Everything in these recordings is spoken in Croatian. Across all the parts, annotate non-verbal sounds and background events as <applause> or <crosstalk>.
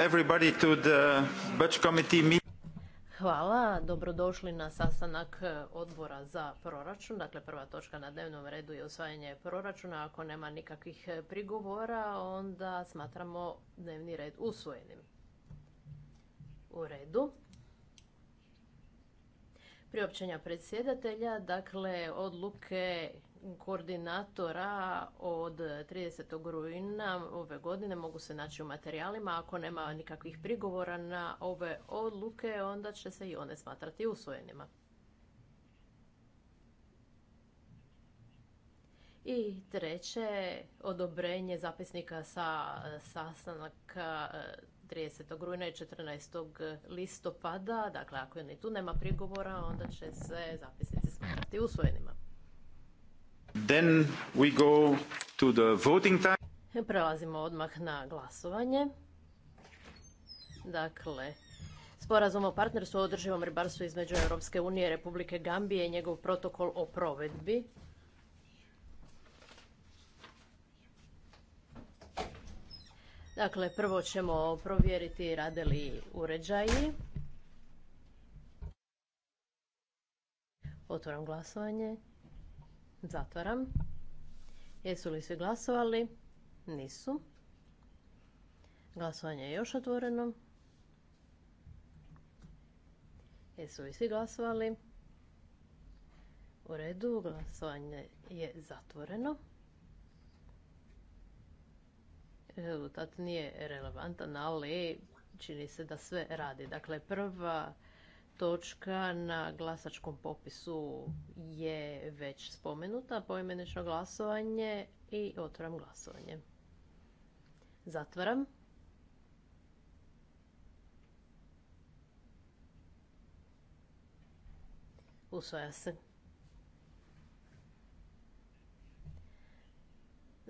everybody Hvala, dobrodošli na sastanak e, odbora za proračun. Dakle, prva točka na dnevnom redu je osvajanje proračuna. Ako nema nikakvih e, prigovora, onda smatramo dnevni red usvojenim. U redu. Priopćenja predsjedatelja, dakle, odluke koordinatora od 30. rujna ove godine mogu se naći u materijalima. Ako nema nikakvih prigovora na ove odluke, onda će se i one smatrati usvojenima. I treće, odobrenje zapisnika sa sastanaka 30. E, rujna i 14. listopada. Dakle, ako ni tu nema prigovora, onda će se zapisnici smatrati usvojenima go Prelazimo odmah na glasovanje. Dakle, sporazum o partnerstvu održivom ribarstvu između Europske unije i Republike Gambije i njegov protokol o provedbi. Dakle, prvo ćemo provjeriti rade li uređaji. Otvoram glasovanje. Zatvaram. Jesu li svi glasovali? Nisu. Glasovanje je još otvoreno. Jesu li svi glasovali? U redu, glasovanje je zatvoreno. Rezultat nije relevantan, ali čini se da sve radi. Dakle, prva točka na glasačkom popisu je već spomenuta, poimenično glasovanje i otvaram glasovanje. Zatvaram. Usvaja se.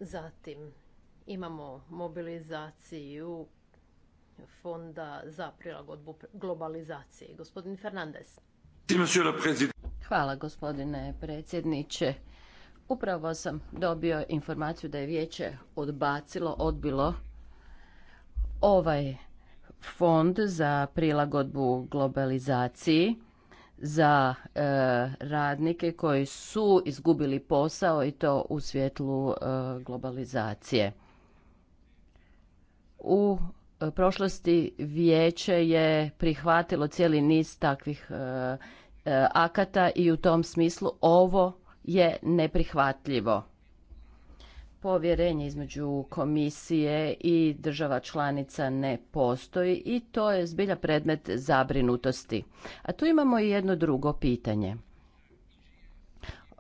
Zatim imamo mobilizaciju fonda za prilagodbu globalizaciji. Gospodin Fernandez. Hvala gospodine predsjedniče. Upravo sam dobio informaciju da je vijeće odbacilo, odbilo ovaj fond za prilagodbu globalizaciji za e, radnike koji su izgubili posao i to u svjetlu e, globalizacije. U E, prošlosti vijeće je prihvatilo cijeli niz takvih e, e, akata i u tom smislu ovo je neprihvatljivo. Povjerenje između komisije i država članica ne postoji i to je zbilja predmet zabrinutosti. A tu imamo i jedno drugo pitanje.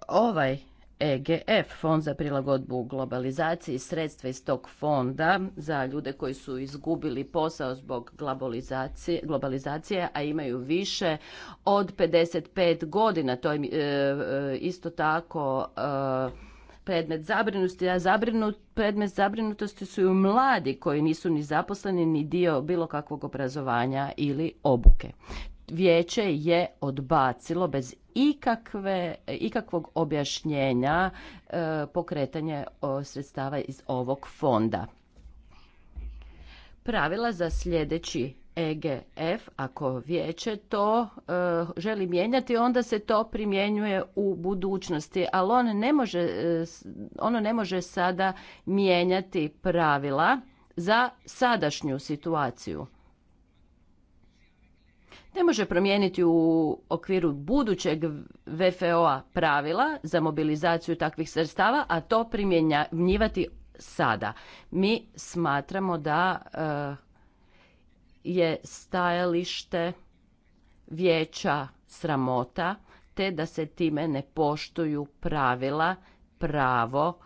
Ovaj EGF, Fond za prilagodbu globalizaciji, sredstva iz tog fonda za ljude koji su izgubili posao zbog globalizacije, a imaju više od 55 godina. To je e, isto tako e, predmet zabrinutosti, a zabrinut, predmet zabrinutosti su i mladi koji nisu ni zaposleni ni dio bilo kakvog obrazovanja ili obuke vijeće je odbacilo bez ikakve, ikakvog objašnjenja e, pokretanje sredstava iz ovog fonda. Pravila za sljedeći EGF, ako vijeće to e, želi mijenjati, onda se to primjenjuje u budućnosti, ali on ne može, e, ono ne može sada mijenjati pravila za sadašnju situaciju ne može promijeniti u okviru budućeg VFO-a pravila za mobilizaciju takvih sredstava, a to primjenjivati sada. Mi smatramo da eh, je stajalište vijeća sramota, te da se time ne poštuju pravila, pravo,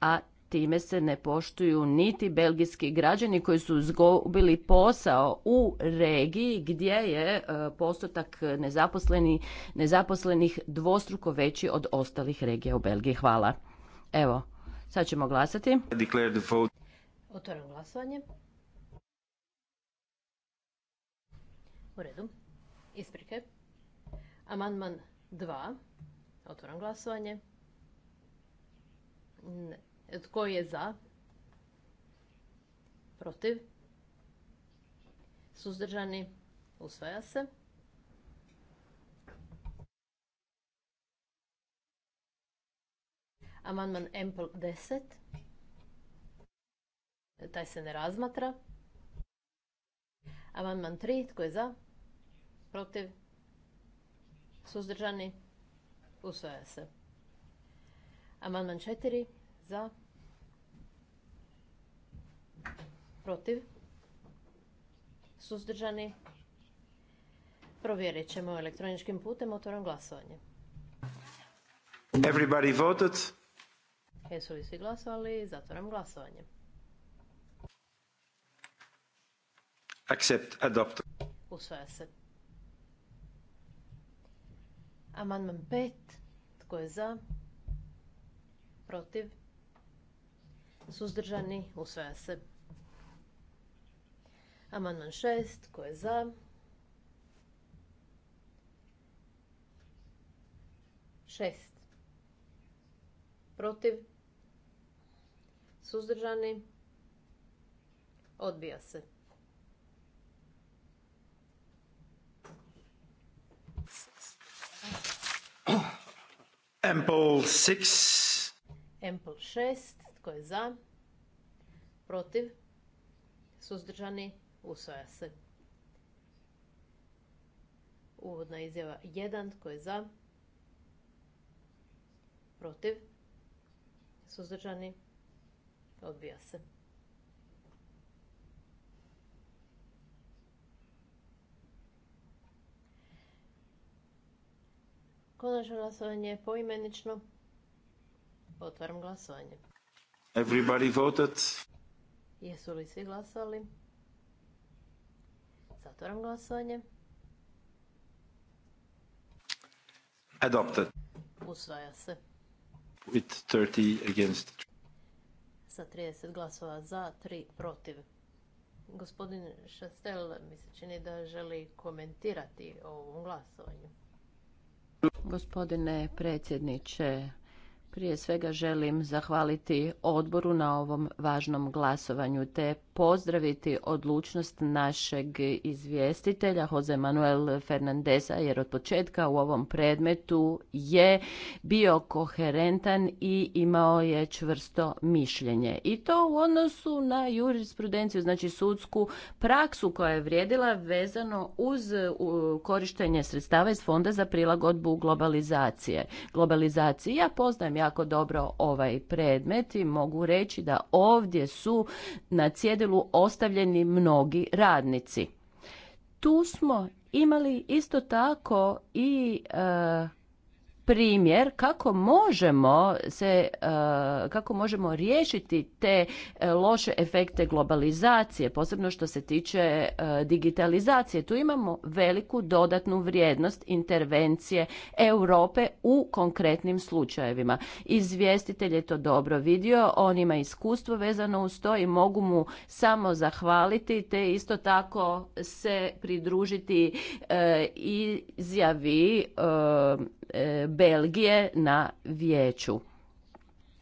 a time se ne poštuju niti belgijski građani koji su zgubili posao u regiji gdje je e, postotak nezaposlenih dvostruko veći od ostalih regija u Belgiji. Hvala. Evo, sad ćemo glasati. Otvaram glasovanje. U redu. Isprike. Amandman 2. Otvaram glasovanje. Ne. Tko je za? Protiv? Suzdržani? Usvaja se. Amandman m 10. Taj se ne razmatra. Amandman 3. Tko je za? Protiv? Suzdržani? Usvaja se. Amandman 4. Za. Protiv. Suzdržani. Provjerit ćemo elektroničkim putem. otvorom glasovanje. Everybody voted. Jesu li svi glasovali? Zatvoram glasovanje. Accept, adopt. Usvaja se. Amandman pet. Tko je za? Protiv? suzdržani, usvaja se. Amandman 6, tko je za? Šest. Protiv? Suzdržani? Odbija se. Ample 6. Ample 6. Tko je za? Protiv? Suzdržani? Usvaja se. Uvodna izjava 1. Tko je za? Protiv? Suzdržani? Odbija se. Konačno glasovanje je poimenično. Otvaram glasovanje. Everybody voted. Jesu li svi glasali? Zatvoram glasovanje. Adopted. Usvaja se. With 30 against. Sa 30 glasova za, 3 protiv. Gospodin Šastel mi se čini da želi komentirati o ovom glasovanju. Gospodine predsjedniče, prije svega želim zahvaliti odboru na ovom važnom glasovanju te pozdraviti odlučnost našeg izvjestitelja Jose Manuel Fernandeza jer od početka u ovom predmetu je bio koherentan i imao je čvrsto mišljenje. I to u odnosu na jurisprudenciju, znači sudsku praksu koja je vrijedila vezano uz korištenje sredstava iz Fonda za prilagodbu globalizacije. Globalizaciji ja poznajem jako dobro ovaj predmet i mogu reći da ovdje su na cjedilu ostavljeni mnogi radnici. Tu smo imali isto tako i e, primjer kako možemo se eh, kako možemo riješiti te eh, loše efekte globalizacije posebno što se tiče eh, digitalizacije tu imamo veliku dodatnu vrijednost intervencije Europe u konkretnim slučajevima izvjestitelj je to dobro vidio on ima iskustvo vezano uz to i mogu mu samo zahvaliti te isto tako se pridružiti izjavi E, Belgije na vijeću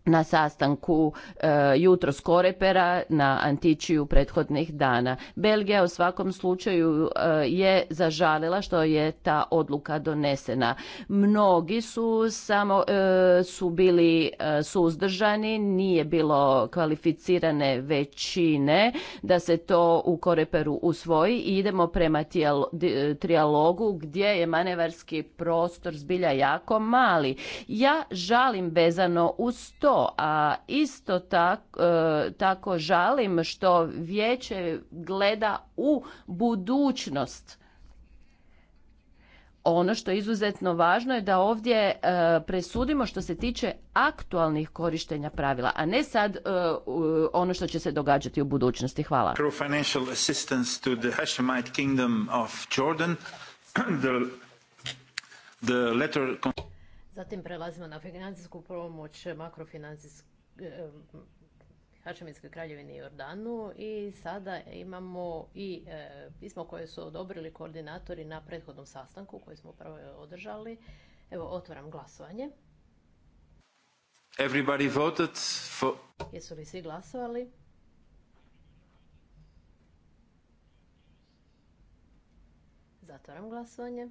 na sastanku e, jutro s Korepera na Antičiju prethodnih dana. Belgija u svakom slučaju e, je zažalila što je ta odluka donesena. Mnogi su samo e, su bili e, suzdržani, nije bilo kvalificirane većine da se to u Koreperu usvoji i idemo prema trijalogu gdje je manevarski prostor zbilja jako mali. Ja žalim vezano uz to a isto tako, e, tako žalim što vijeće gleda u budućnost. Ono što je izuzetno važno je da ovdje e, presudimo što se tiče aktualnih korištenja pravila, a ne sad e, ono što će se događati u budućnosti. Hvala. <clears throat> Zatim prelazimo na financijsku pomoć makrofinancijske eh, kraljevine i Jordanu i sada imamo i eh, pismo koje su odobrili koordinatori na prethodnom sastanku koji smo upravo održali. Evo, otvaram glasovanje. Everybody voted for... Jesu li svi glasovali? Zatvaram glasovanje.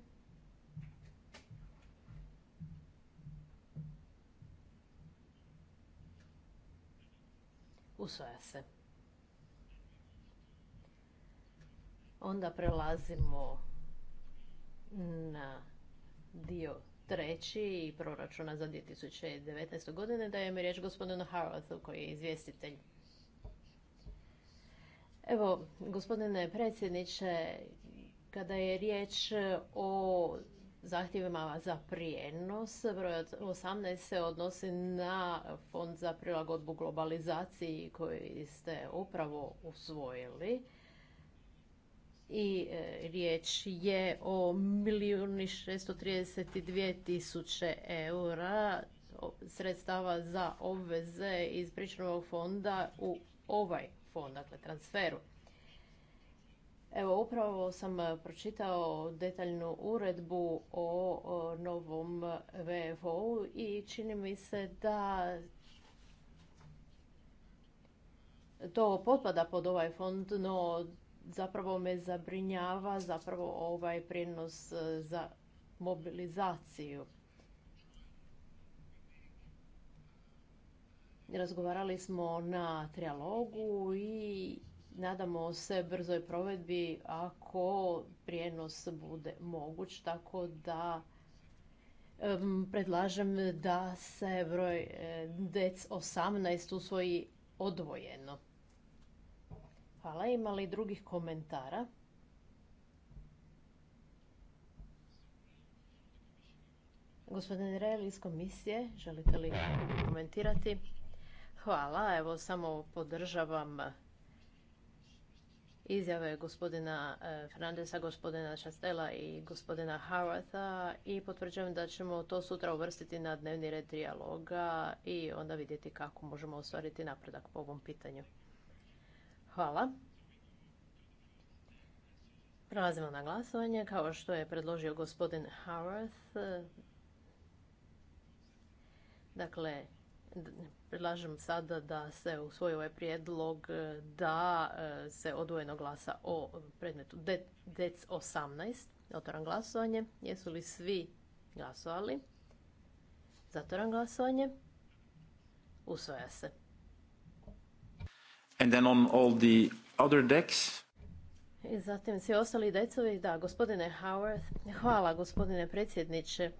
Usvaja se. Onda prelazimo na dio treći proračuna za 2019. godine. mi riječ gospodinu Harvathu koji je izvjestitelj. Evo, gospodine predsjedniče, kada je riječ o zahtjevima za prijenos. Broj 18 se odnosi na fond za prilagodbu globalizaciji koji ste upravo usvojili. I e, riječ je o milijuni 632 tisuće eura sredstava za obveze iz pričnog fonda u ovaj fond, dakle transferu. Evo, upravo sam e, pročitao detaljnu uredbu o novom VFO-u i čini mi se da to potpada pod ovaj fond, no zapravo me zabrinjava zapravo ovaj prijenos e, za mobilizaciju. Razgovarali smo na trialogu i Nadamo se brzoj provedbi ako prijenos bude moguć, tako da predlažem da se broj e, DEC-18 usvoji odvojeno. Hvala. Ima li drugih komentara? Gospodin Rel iz komisije, želite li komentirati? Hvala. Evo, samo podržavam izjave gospodina e, Fernandesa, gospodina Šastela i gospodina Howartha i potvrđujem da ćemo to sutra uvrstiti na dnevni red dijaloga i onda vidjeti kako možemo ostvariti napredak po ovom pitanju. Hvala. Prelazimo na glasovanje. Kao što je predložio gospodin Howarth, e, dakle, predlažem sada da se usvoji ovaj prijedlog e, da e, se odvojeno glasa o predmetu DEC 18. Otvaram glasovanje. Jesu li svi glasovali? Zatvaram glasovanje. Usvoja se. And then on all the other decks. zatim svi ostali decovi, da, gospodine Howard, hvala gospodine predsjedniče.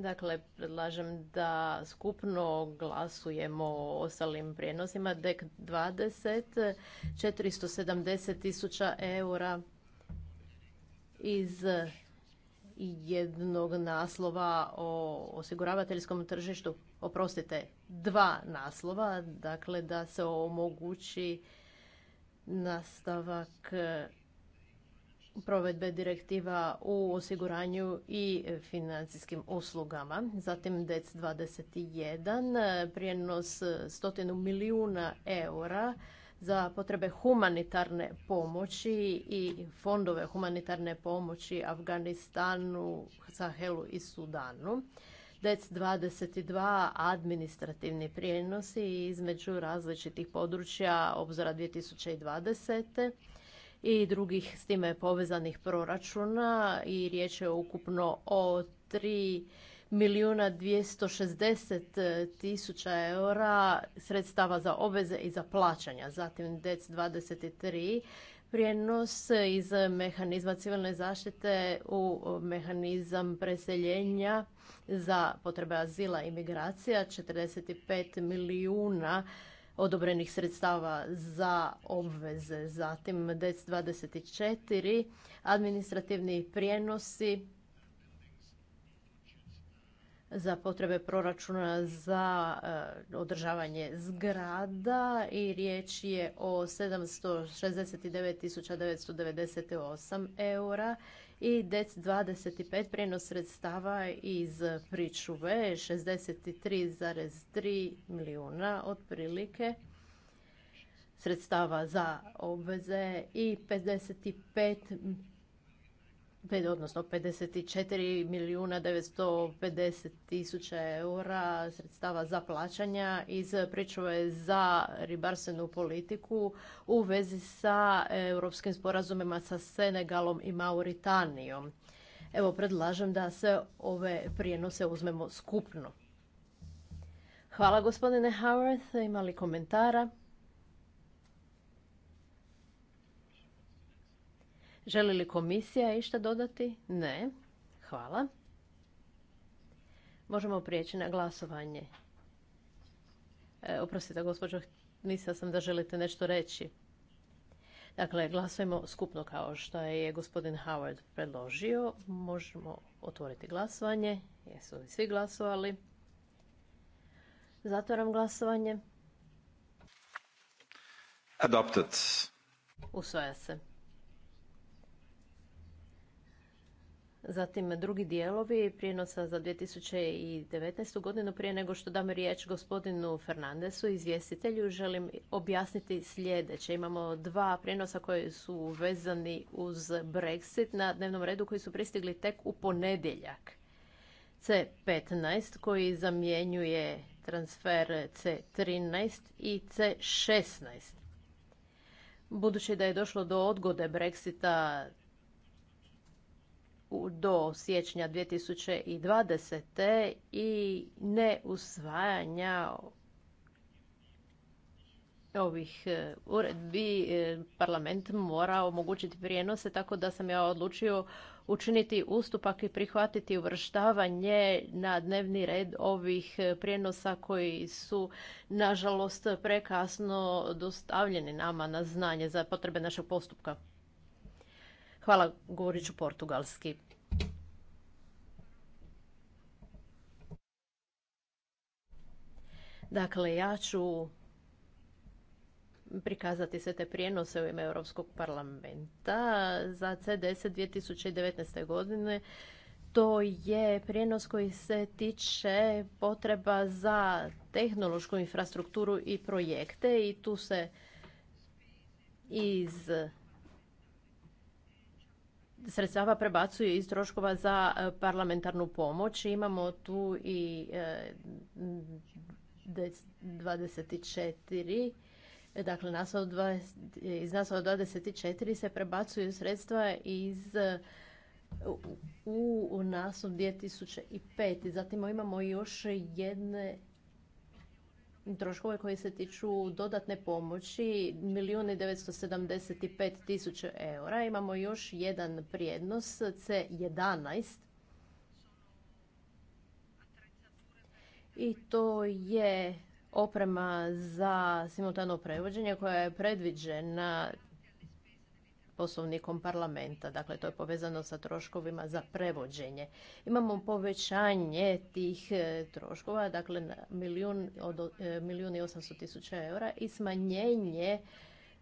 Dakle, predlažem da skupno glasujemo o ostalim prijenosima. DEC 20, 470 tisuća eura iz jednog naslova o osiguravateljskom tržištu, oprostite, dva naslova, dakle da se omogući nastavak provedbe direktiva u osiguranju i financijskim uslugama. Zatim e DEC 21, prijenos stotinu milijuna eura za potrebe humanitarne pomoći i fondove humanitarne pomoći Afganistanu, Sahelu i Sudanu. E DEC 22 administrativni prijenosi između različitih područja obzora 2020 i drugih s time povezanih proračuna i riječ je ukupno o 3 milijuna 260 tisuća eura sredstava za obveze i za plaćanja. Zatim e DEC 23 prijenos iz mehanizma civilne zaštite u mehanizam preseljenja za potrebe azila i migracija 45 milijuna odobrenih sredstava za obveze. Zatim DEC 24, administrativni prijenosi za potrebe proračuna za e, održavanje zgrada i riječ je o 769.998 eura i DEC 25 prijenos sredstava iz pričuve 63,3 milijuna otprilike sredstava za obveze i 55 odnosno 54 milijuna 950 tisuća eura sredstava za plaćanja iz pričuve za ribarstvenu politiku u vezi sa europskim sporazumima sa Senegalom i Mauritanijom. Evo, predlažem da se ove prijenose uzmemo skupno. Hvala gospodine Howard, imali komentara? Želi li komisija išta dodati? Ne. Hvala. Možemo prijeći na glasovanje. E, oprostite, gospođo, mislila sam da želite nešto reći. Dakle, glasujemo skupno kao što je gospodin Howard predložio. Možemo otvoriti glasovanje. Jesu li svi glasovali? Zatvaram glasovanje. Adopted. Usvaja se. Zatim drugi dijelovi prijenosa za 2019. godinu prije nego što dam riječ gospodinu Fernandesu, izvjestitelju, želim objasniti sljedeće. Imamo dva prijenosa koji su vezani uz Brexit na dnevnom redu koji su pristigli tek u ponedjeljak. C15 koji zamjenjuje transfer C13 i C16. Budući da je došlo do odgode Brexita do siječnja 2020. i ne usvajanja ovih e, uredbi e, parlament mora omogućiti prijenose tako da sam ja odlučio učiniti ustupak i prihvatiti uvrštavanje na dnevni red ovih e, prijenosa koji su nažalost prekasno dostavljeni nama na znanje za potrebe našeg postupka. Hvala, govorit ću portugalski. Dakle, ja ću prikazati sve te prijenose u ime Europskog parlamenta za C10 2019. godine. To je prijenos koji se tiče potreba za tehnološku infrastrukturu i projekte i tu se iz sredstava prebacuju iz troškova za e, parlamentarnu pomoć. Imamo tu i 24 e, e, Dakle, naslov iz naslova 24 se prebacuju sredstva iz u, u naslov 2005. Zatim imamo još jedne troškove koji se tiču dodatne pomoći, milijun i tisuća eura. Imamo još jedan prijednos, C11. I to je oprema za simultano prevođenje koja je predviđena poslovnikom parlamenta. Dakle, to je povezano sa troškovima za prevođenje. Imamo povećanje tih e, troškova, dakle, na milijun, od, e, i osamsto tisuća eura i smanjenje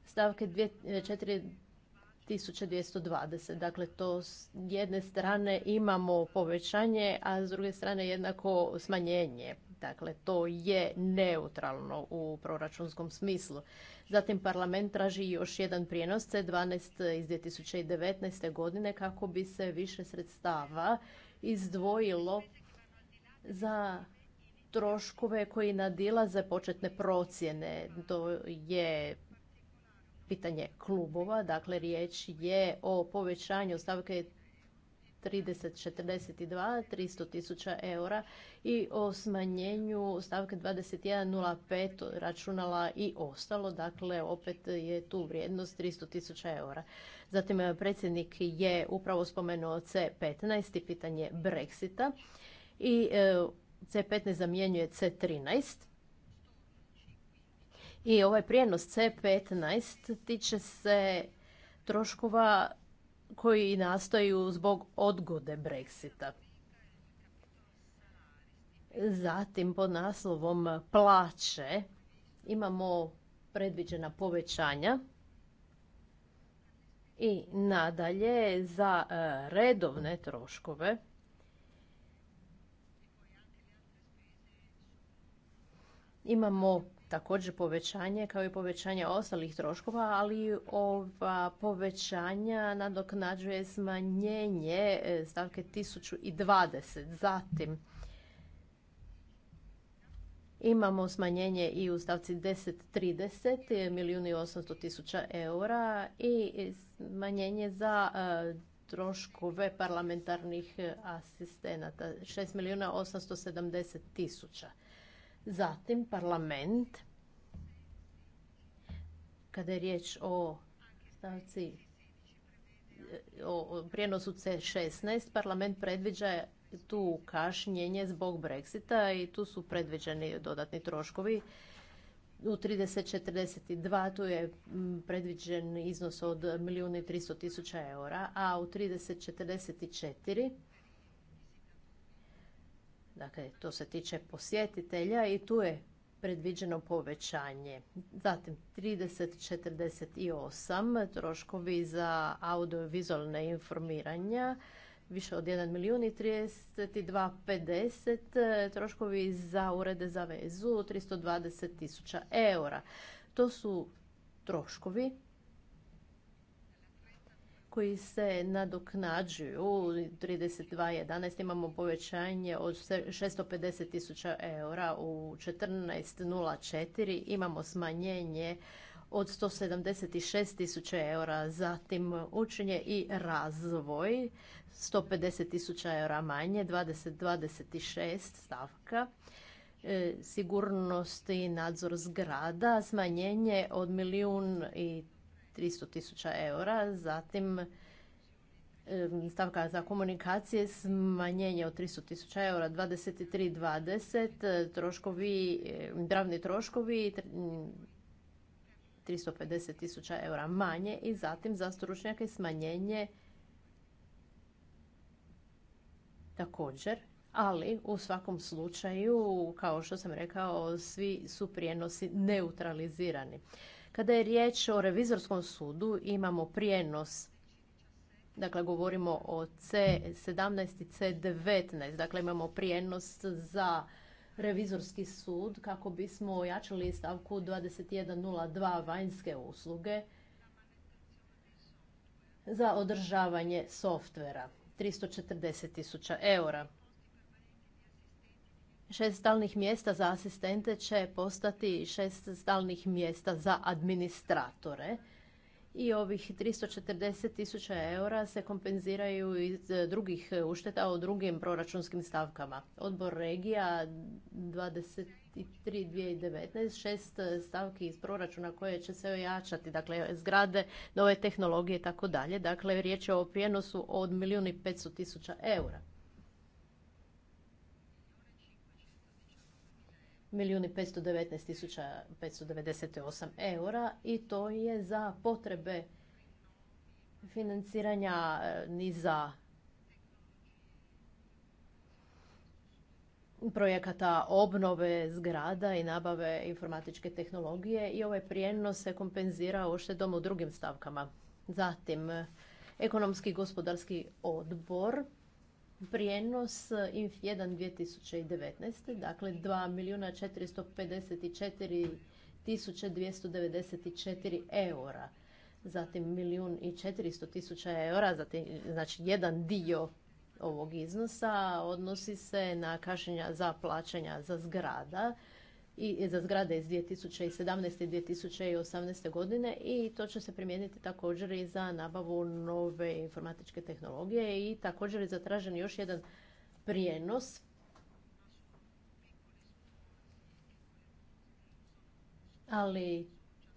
stavke 4.220. E, dakle, to s jedne strane imamo povećanje, a s druge strane jednako smanjenje. Dakle, to je neutralno u proračunskom smislu. Zatim parlament traži još jedan prijenos C12 iz 2019. godine kako bi se više sredstava izdvojilo za troškove koji nadilaze početne procjene. To je pitanje klubova, dakle riječ je o povećanju stavke 3042 300 tisuća eura i o smanjenju stavke 2105 računala i ostalo. Dakle, opet je tu vrijednost 300 tisuća eura. Zatim e, predsjednik je upravo spomenuo C15 i pitanje Brexita i e, C15 zamjenjuje C13. I ovaj prijenos C15 tiče se troškova koji nastaju zbog odgode Brexita. Zatim pod naslovom plaće imamo predviđena povećanja i nadalje za e, redovne troškove imamo također povećanje kao i povećanje ostalih troškova, ali ova povećanja nadoknađuje smanjenje e, stavke 1020. Zatim imamo smanjenje i u stavci 1030 e, milijuni i 800 tisuća eura i smanjenje za e, troškove parlamentarnih asistenata 6 milijuna 870 tisuća. Zatim parlament, kada je riječ o stavci e, o prijenosu C16, parlament predviđa tu kašnjenje zbog Brexita i tu su predviđeni dodatni troškovi. U 30.42 tu je predviđen iznos od milijuna i 300 tisuća eura, a u 30.44 Dakle, to se tiče posjetitelja i tu je predviđeno povećanje. Zatim 30.48 troškovi za audiovizualne informiranja više od 1 milijun i troškovi za urede za vezu 320 tisuća eura. To su troškovi koji se nadoknađuju. 32.11. imamo povećanje od 650 tisuća eura u 14.04. Imamo smanjenje od 176 tisuća eura, zatim učenje i razvoj 150 tisuća eura manje, 2026 stavka e, sigurnost i nadzor zgrada, smanjenje od milijun i 300 tisuća eura, zatim stavka za komunikacije smanjenje od 300 tisuća eura 23.20, troškovi, dravni troškovi 350 tisuća eura manje i zatim za stručnjake smanjenje također. Ali u svakom slučaju, kao što sam rekao, svi su prijenosi neutralizirani. Kada je riječ o revizorskom sudu, imamo prijenos Dakle, govorimo o C17 i C19. Dakle, imamo prijenos za revizorski sud kako bismo ojačali stavku 2102 vanjske usluge za održavanje softvera. 340 tisuća eura. Šest stalnih mjesta za asistente će postati šest stalnih mjesta za administratore. I ovih 340 tisuća eura se kompenziraju iz drugih ušteta u drugim proračunskim stavkama. Odbor regija 23 šest stavki iz proračuna koje će se ojačati, dakle zgrade, nove tehnologije i tako dalje. Dakle, riječ je o prijenosu od milijuni 500 tisuća eura. milijuni devetnaest eura i to je za potrebe financiranja e, niza projekata obnove zgrada i nabave informatičke tehnologije i ovaj prijenos se kompenzira oštedom u drugim stavkama. Zatim, ekonomski gospodarski odbor prijenos eh, INF1 2019. Dakle, 2.454.294 milijuna tisuće eura. Zatim milijun i 400 tisuća eura, znači jedan dio ovog iznosa odnosi se na kašenja za plaćanja za zgrada i za zgrade iz 2017. i 2018. godine i to će se primijeniti također i za nabavu nove informatičke tehnologije i također je zatražen još jedan prijenos ali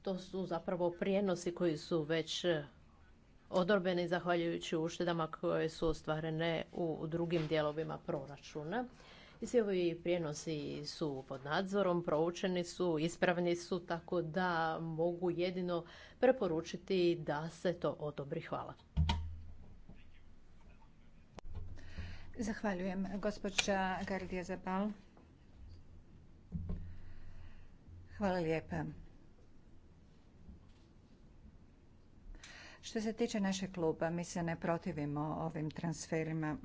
to su zapravo prijenosi koji su već odorbeni zahvaljujući uštedama koje su ostvarene u drugim dijelovima proračuna. I svi ovi prijenosi su pod nadzorom, proučeni su, ispravni su, tako da mogu jedino preporučiti da se to odobri. Hvala. Zahvaljujem. Gospođa Gardija Zabal. Hvala lijepa. Što se tiče našeg kluba, mi se ne protivimo ovim transferima.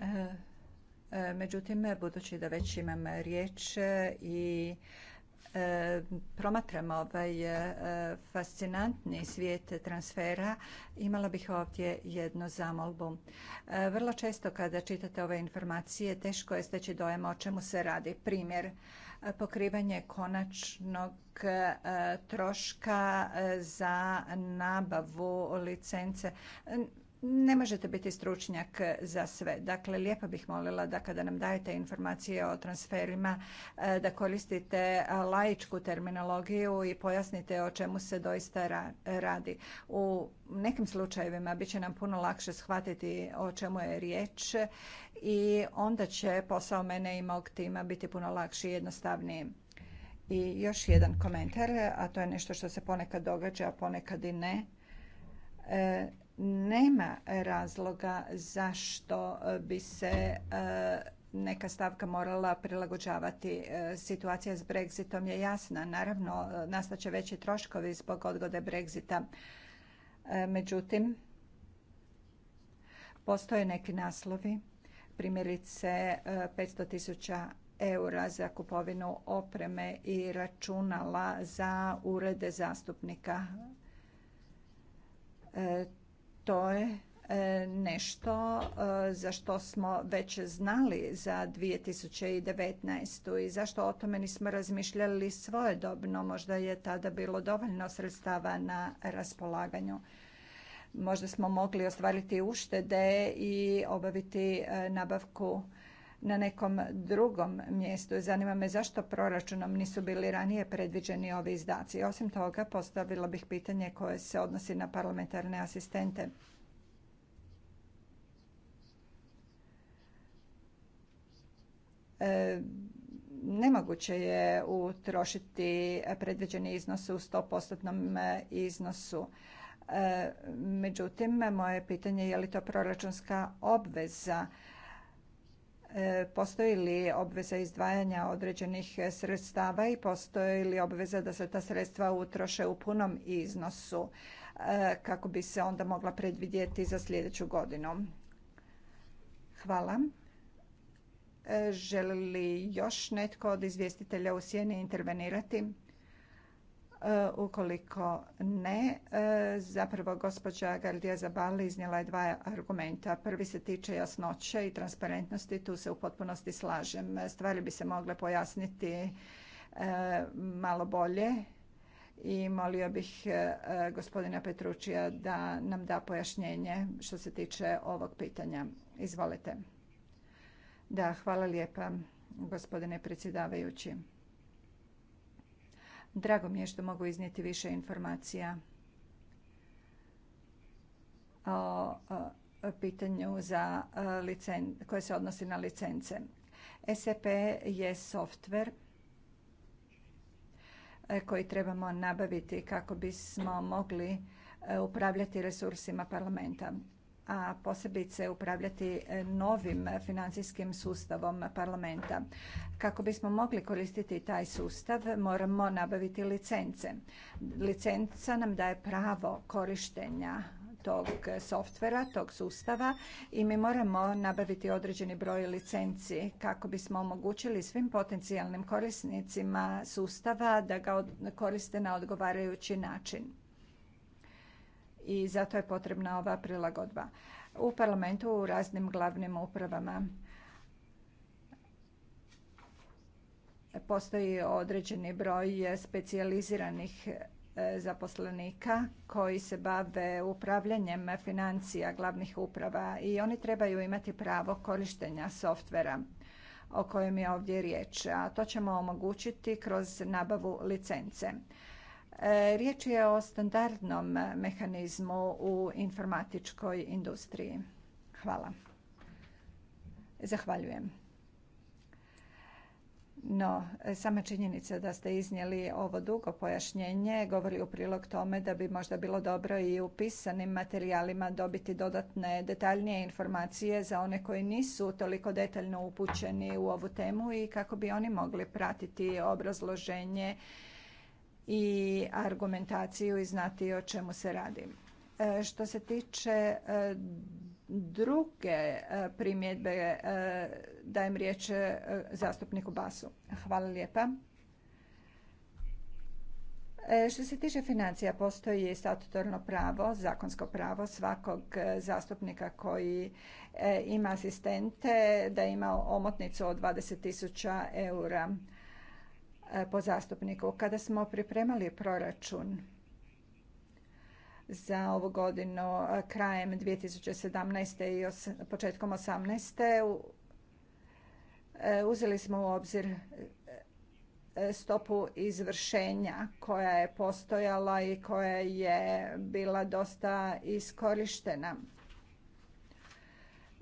E, e, međutim, budući da već imam riječ e, i promatram ovaj fascinantni svijet transfera, imala bih ovdje jednu zamolbu. Vrlo često kada čitate ove informacije, teško je steći dojam o čemu se radi. Primjer, pokrivanje konačnog troška za nabavu licence ne možete biti stručnjak za sve. Dakle, lijepo bih molila da kada nam dajete informacije o transferima, e, da koristite e, laičku terminologiju i pojasnite o čemu se doista radi. U nekim slučajevima bit će nam puno lakše shvatiti o čemu je riječ i onda će posao mene i mog tima biti puno lakši i jednostavniji. I još jedan komentar, a to je nešto što se ponekad događa, a ponekad i ne e, nema razloga zašto bi se e, neka stavka morala prilagođavati. E, situacija s Brexitom je jasna. Naravno, e, nastaće veći troškovi zbog odgode Brexita. Međutim, postoje neki naslovi, primjerice 500 tisuća eura za kupovinu opreme i računala za urede zastupnika to je e, nešto e, za što smo već znali za 2019. i zašto o tome nismo razmišljali svojedobno. Možda je tada bilo dovoljno sredstava na raspolaganju. Možda smo mogli ostvariti uštede i obaviti e, nabavku na nekom drugom mjestu. Zanima me zašto proračunom nisu bili ranije predviđeni ovi izdaci. Osim toga, postavila bih pitanje koje se odnosi na parlamentarne asistente. E, nemoguće je utrošiti predviđeni iznos u 100% e, iznosu. E, međutim, moje pitanje je li to proračunska obveza E, postoji li obveza izdvajanja određenih sredstava i postoji li obveza da se ta sredstva utroše u punom iznosu e, kako bi se onda mogla predvidjeti za sljedeću godinu. Hvala. E, želi li još netko od izvjestitelja u sjeni intervenirati? E, ukoliko ne, e, zapravo gospođa Gardija Zabali iznijela je dva argumenta. Prvi se tiče jasnoće i transparentnosti, tu se u potpunosti slažem. Stvari bi se mogle pojasniti e, malo bolje i molio bih gospodina Petručija da nam da pojašnjenje što se tiče ovog pitanja. Izvolite. Da, hvala lijepa gospodine predsjedavajući. Drago mi je što mogu iznijeti više informacija o pitanju za e, koje se odnosi na licence. SAP je softver e, koji trebamo nabaviti kako bismo mogli e, upravljati resursima parlamenta a posebice upravljati e, novim financijskim sustavom parlamenta. Kako bismo mogli koristiti taj sustav, moramo nabaviti licence. Licenca nam daje pravo korištenja tog softvera, tog sustava i mi moramo nabaviti određeni broj licenci kako bismo omogućili svim potencijalnim korisnicima sustava da ga koriste na odgovarajući način i zato je potrebna ova prilagodba. U parlamentu u raznim glavnim upravama postoji određeni broj specijaliziranih e, zaposlenika koji se bave upravljanjem financija glavnih uprava i oni trebaju imati pravo korištenja softvera o kojem je ovdje riječ, a to ćemo omogućiti kroz nabavu licence. E, riječ je o standardnom mehanizmu u informatičkoj industriji. Hvala. Zahvaljujem. No, sama činjenica da ste iznijeli ovo dugo pojašnjenje govori u prilog tome da bi možda bilo dobro i u pisanim materijalima dobiti dodatne detaljnije informacije za one koji nisu toliko detaljno upućeni u ovu temu i kako bi oni mogli pratiti obrazloženje i argumentaciju i znati o čemu se radi. E, što se tiče e, druge e, primjedbe, dajem riječ zastupniku Basu. Hvala lijepa. Što se tiče financija, postoji statutorno pravo, zakonsko pravo svakog zastupnika koji ima asistente da ima omotnicu od 20.000 eura po zastupniku. Kada smo pripremali proračun za ovu godinu krajem 2017. i početkom 2018. E, uzeli smo u obzir e, stopu izvršenja koja je postojala i koja je bila dosta iskorištena.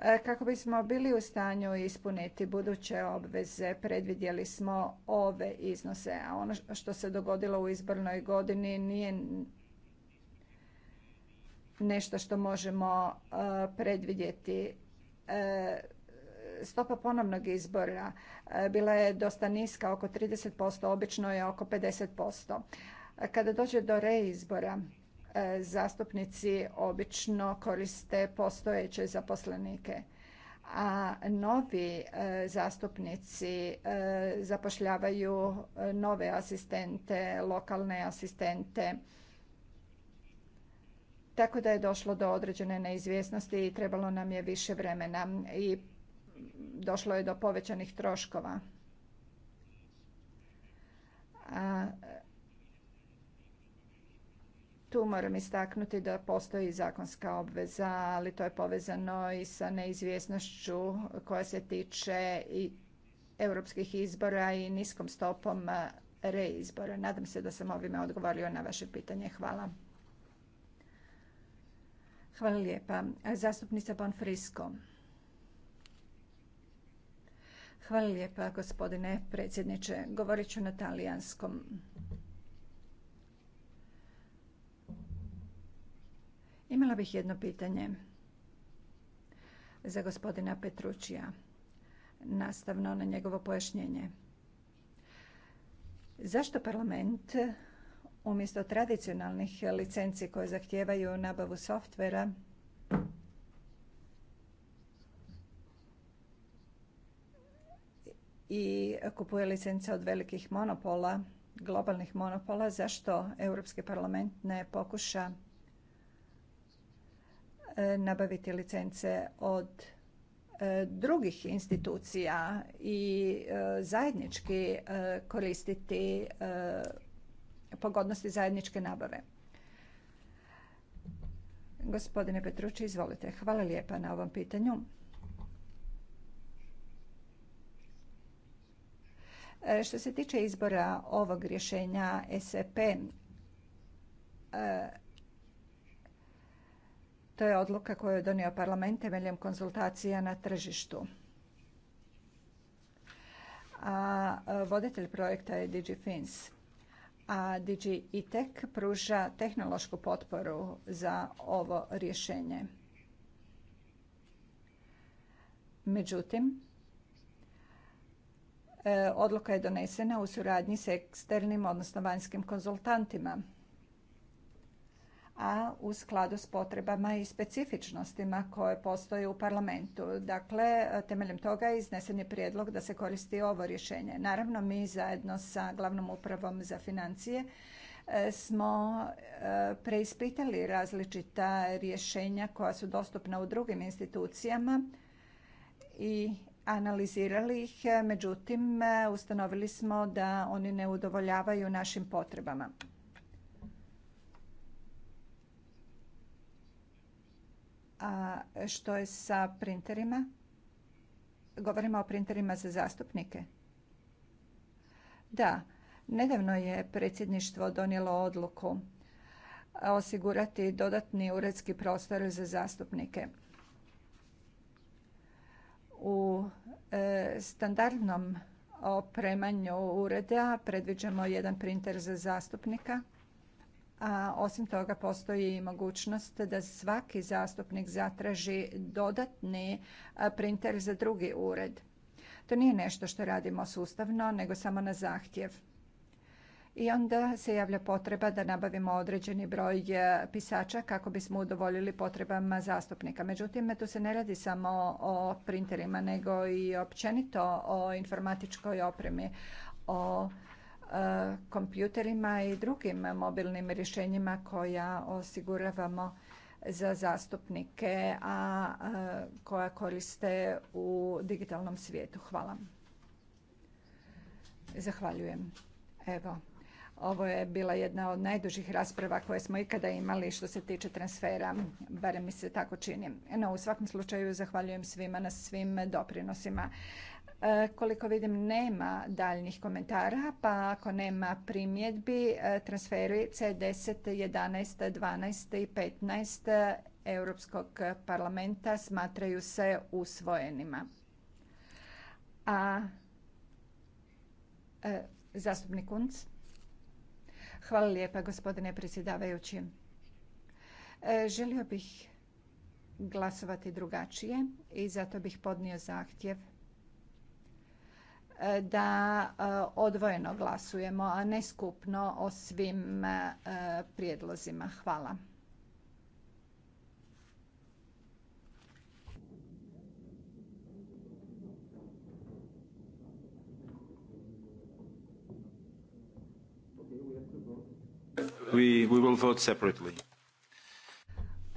E, kako bismo bili u stanju ispuniti buduće obveze, predvidjeli smo ove iznose, a ono što se dogodilo u izbornoj godini nije nešto što možemo e, predvidjeti. E, stopa ponovnog izbora bila je dosta niska, oko 30%, obično je oko 50%. Kada dođe do reizbora, E, zastupnici obično koriste postojeće zaposlenike a novi e, zastupnici e, zapošljavaju nove asistente, lokalne asistente. Tako da je došlo do određene neizvjesnosti i trebalo nam je više vremena i došlo je do povećanih troškova. A tu moram istaknuti da postoji zakonska obveza, ali to je povezano i sa neizvjesnošću koja se tiče i europskih izbora i niskom stopom reizbora. Nadam se da sam ovime odgovorio na vaše pitanje. Hvala. Hvala lijepa. Zastupnica Bonfrisko. Hvala lijepa, gospodine predsjedniče. Govorit ću na talijanskom. Imala bih jedno pitanje za gospodina Petručija, nastavno na njegovo pojašnjenje. Zašto parlament umjesto tradicionalnih licenci koje zahtijevaju nabavu softvera i kupuje licence od velikih monopola, globalnih monopola, zašto Europski parlament ne pokuša E, nabaviti licence od e, drugih institucija i e, zajednički koristiti pogodnosti zajedničke nabave. Gospodine Petrući, izvolite. Hvala lijepa na ovom pitanju. Što se tiče izbora ovog rješenja SEP, to je odluka koju je donio parlament temeljem konzultacija na tržištu. A e, voditelj projekta je DigiFins. A Digi e pruža tehnološku potporu za ovo rješenje. Međutim, e, odluka je donesena u suradnji s eksternim, odnosno vanjskim konzultantima a u skladu s potrebama i specifičnostima koje postoje u parlamentu. Dakle, temeljem toga iznesen je prijedlog da se koristi ovo rješenje. Naravno, mi zajedno sa glavnom upravom za financije e, smo e, preispitali različita rješenja koja su dostupna u drugim institucijama i analizirali ih, međutim e, ustanovili smo da oni ne udovoljavaju našim potrebama. A što je sa printerima? Govorimo o printerima za zastupnike. Da, nedavno je predsjedništvo donijelo odluku osigurati dodatni uredski prostor za zastupnike. U e, standardnom opremanju ureda predviđamo jedan printer za zastupnika – a osim toga postoji i mogućnost da svaki zastupnik zatraži dodatni e, printer za drugi ured. To nije nešto što radimo sustavno, nego samo na zahtjev. I onda se javlja potreba da nabavimo određeni broj e, pisača kako bismo udovoljili potrebama zastupnika. Međutim, tu se ne radi samo o printerima, nego i općenito o informatičkoj opremi, o E, kompjuterima i drugim mobilnim rješenjima koja osiguravamo za zastupnike, a koja koriste u digitalnom svijetu. Hvala. Zahvaljujem. Evo, ovo je bila jedna od najdužih rasprava koje smo ikada imali što se tiče transfera, barem mi se tako čini. No, u svakom slučaju zahvaljujem svima na svim doprinosima. E, koliko vidim nema daljnjih komentara, pa ako nema primjedbi, e, transferi C10, 11, 12 i 15 Europskog parlamenta smatraju se usvojenima. A e, zastupnik Kunc. Hvala lijepa gospodine predsjedavajući. želio bih glasovati drugačije i zato bih podnio zahtjev da e, odvojeno glasujemo, a ne skupno o svim e, prijedlozima. Hvala.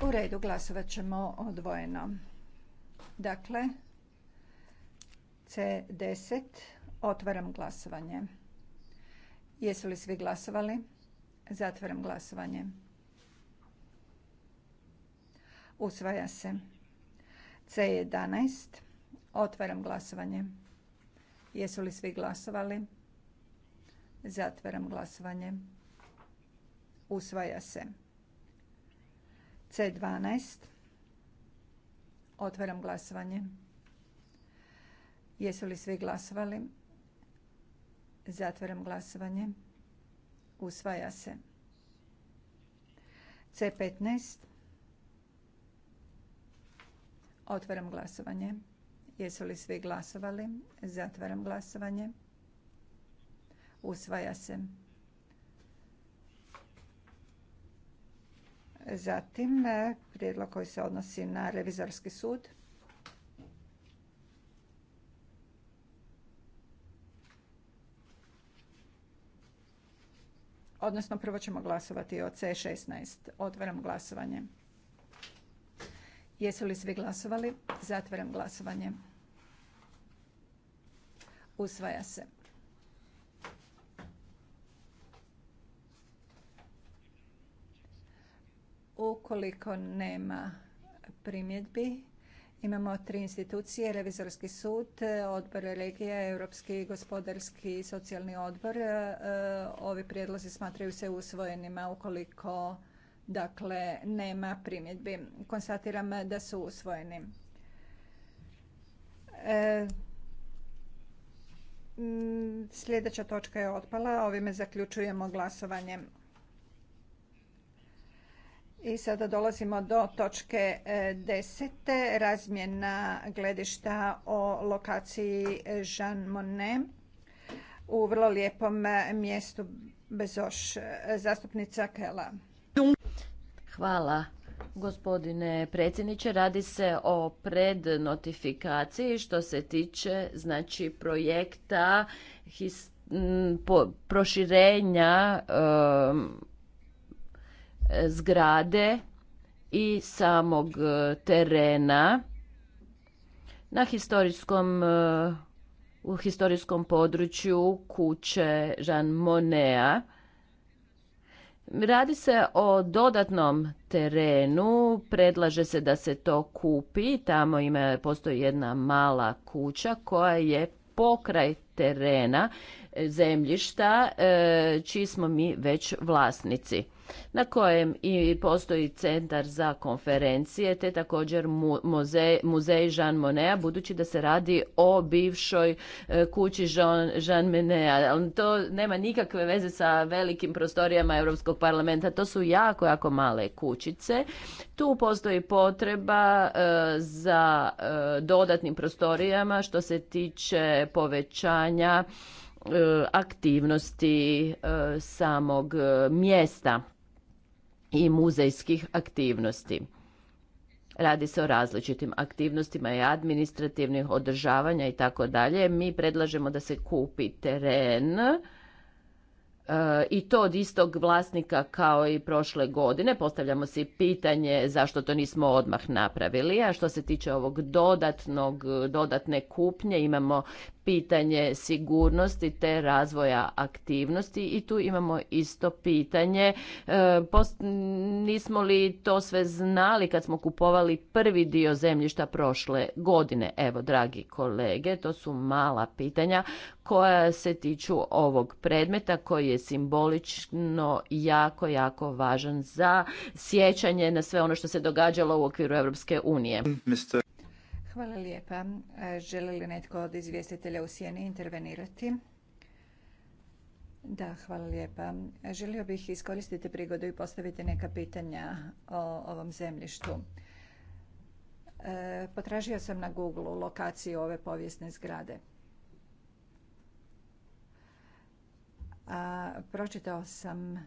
U redu glasovat ćemo odvojeno. Dakle, C10. Otvaram glasovanje. Jesu li svi glasovali? Zatvaram glasovanje. Usvaja se. C11. Otvaram glasovanje. Jesu li svi glasovali? Zatvaram glasovanje. Usvaja se. C12. Otvaram glasovanje. Jesu li svi glasovali? Zatvaram glasovanje. Usvaja se. C15. Otvaram glasovanje. Jesu li svi glasovali? Zatvaram glasovanje. Usvaja se. Zatim, eh, prijedlog koji se odnosi na revizorski sud. odnosno prvo ćemo glasovati o C16. Otvaram glasovanje. Jesu li svi glasovali? Zatvaram glasovanje. Usvaja se. Ukoliko nema primjedbi, Imamo tri institucije, Revizorski sud, odbor regija, Europski gospodarski i socijalni odbor. E, ovi prijedlozi smatraju se usvojenima ukoliko dakle nema primjedbi. Konstatiram da su usvojeni. E, sljedeća točka je otpala, ovime zaključujemo glasovanje. I sada dolazimo do točke e, desete. Razmjena gledišta o lokaciji Jean Monnet u vrlo lijepom e, mjestu Bezoš. E, zastupnica Kela. Hvala. Gospodine predsjedniče, radi se o prednotifikaciji što se tiče znači, projekta proširenja zgrade i samog e, terena na historijskom e, u historijskom području kuće Jean Monea. Radi se o dodatnom terenu, predlaže se da se to kupi, tamo ima, postoji jedna mala kuća koja je pokraj terena e, zemljišta čiji smo mi već vlasnici na kojem i postoji centar za konferencije te također muzej, muzej Jean Moneta budući da se radi o bivšoj e, kući Jean, Jean To nema nikakve veze sa velikim prostorijama Europskog parlamenta. To su jako, jako male kućice. Tu postoji potreba e, za e, dodatnim prostorijama što se tiče povećanja aktivnosti samog mjesta i muzejskih aktivnosti. Radi se o različitim aktivnostima i administrativnih održavanja i tako dalje. Mi predlažemo da se kupi teren e, i to od istog vlasnika kao i prošle godine. Postavljamo si pitanje zašto to nismo odmah napravili. A što se tiče ovog dodatnog, dodatne kupnje, imamo pitanje sigurnosti te razvoja aktivnosti i tu imamo isto pitanje. E, nismo li to sve znali kad smo kupovali prvi dio zemljišta prošle godine? Evo, dragi kolege, to su mala pitanja koja se tiču ovog predmeta koji je simbolično jako, jako važan za sjećanje na sve ono što se događalo u okviru Europske unije. Hvala lijepa. E, želi li netko od izvjestitelja u sjeni intervenirati? Da, hvala lijepa. Želio bih iskoristiti prigodu i postaviti neka pitanja o ovom zemljištu. E, potražio sam na Google lokaciju ove povijesne zgrade. A pročitao sam e,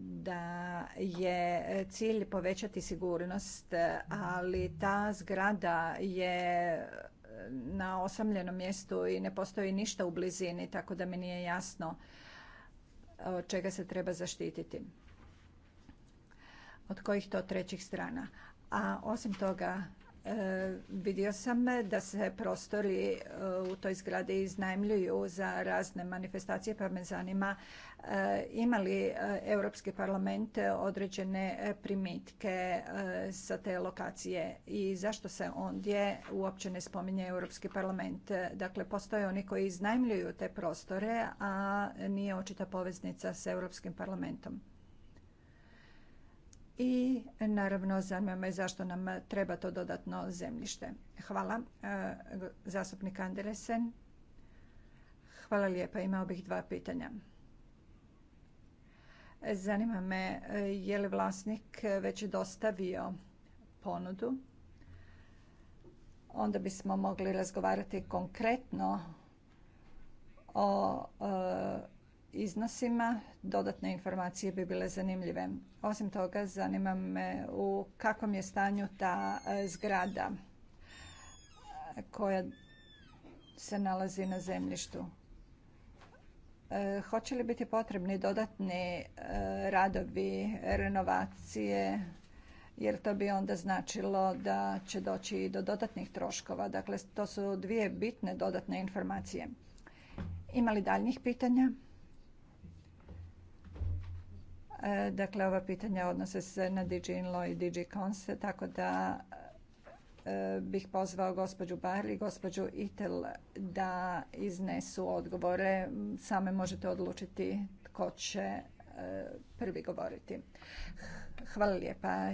da je cilj povećati sigurnost, ali ta zgrada je na osamljenom mjestu i ne postoji ništa u blizini, tako da mi nije jasno od čega se treba zaštititi. Od kojih to trećih strana. A osim toga, e, vidio sam da se prostori e, u toj zgradi iznajmljuju za razne manifestacije, pa me zanima E, imali e, Europski parlament određene e, primitke sa te lokacije i zašto se ondje uopće ne spominje Europski parlament. Dakle, postoje oni koji iznajmljuju te prostore, a nije očita poveznica s Europskim parlamentom. I naravno zanima me zašto nam treba to dodatno zemljište. Hvala. Zastupnik Anderesen. Hvala lijepa. Imao bih dva pitanja. Zanima me e, je li vlasnik e, već dostavio ponudu. Onda bismo mogli razgovarati konkretno o e, iznosima. Dodatne informacije bi bile zanimljive. Osim toga, zanima me u kakvom je stanju ta zgrada koja se nalazi na zemljištu. E, hoće li biti potrebni dodatni e, radovi, renovacije, jer to bi onda značilo da će doći i do dodatnih troškova. Dakle, to su dvije bitne dodatne informacije. Ima li daljnjih pitanja? E, dakle, ova pitanja odnose se na DigiInlo i DigiConse, tako da Eh, bih pozvao gospođu Barli i gospođu Itel da iznesu odgovore. Same možete odlučiti tko će eh, prvi govoriti. Hvala lijepa.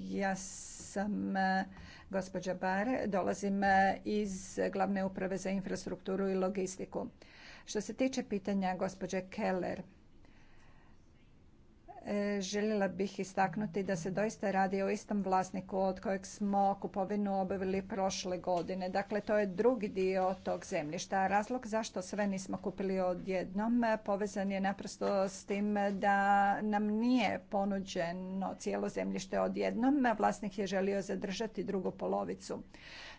Ja sam eh, gospođa Bar, dolazim iz Glavne uprave za infrastrukturu i logistiku. Što se tiče pitanja gospođe Keller, E, željela bih istaknuti da se doista radi o istom vlasniku od kojeg smo kupovinu obavili prošle godine. Dakle, to je drugi dio tog zemljišta. Razlog zašto sve nismo kupili odjednom e, povezan je naprosto s tim da nam nije ponuđeno cijelo zemljište odjednom. Vlasnik je želio zadržati drugu polovicu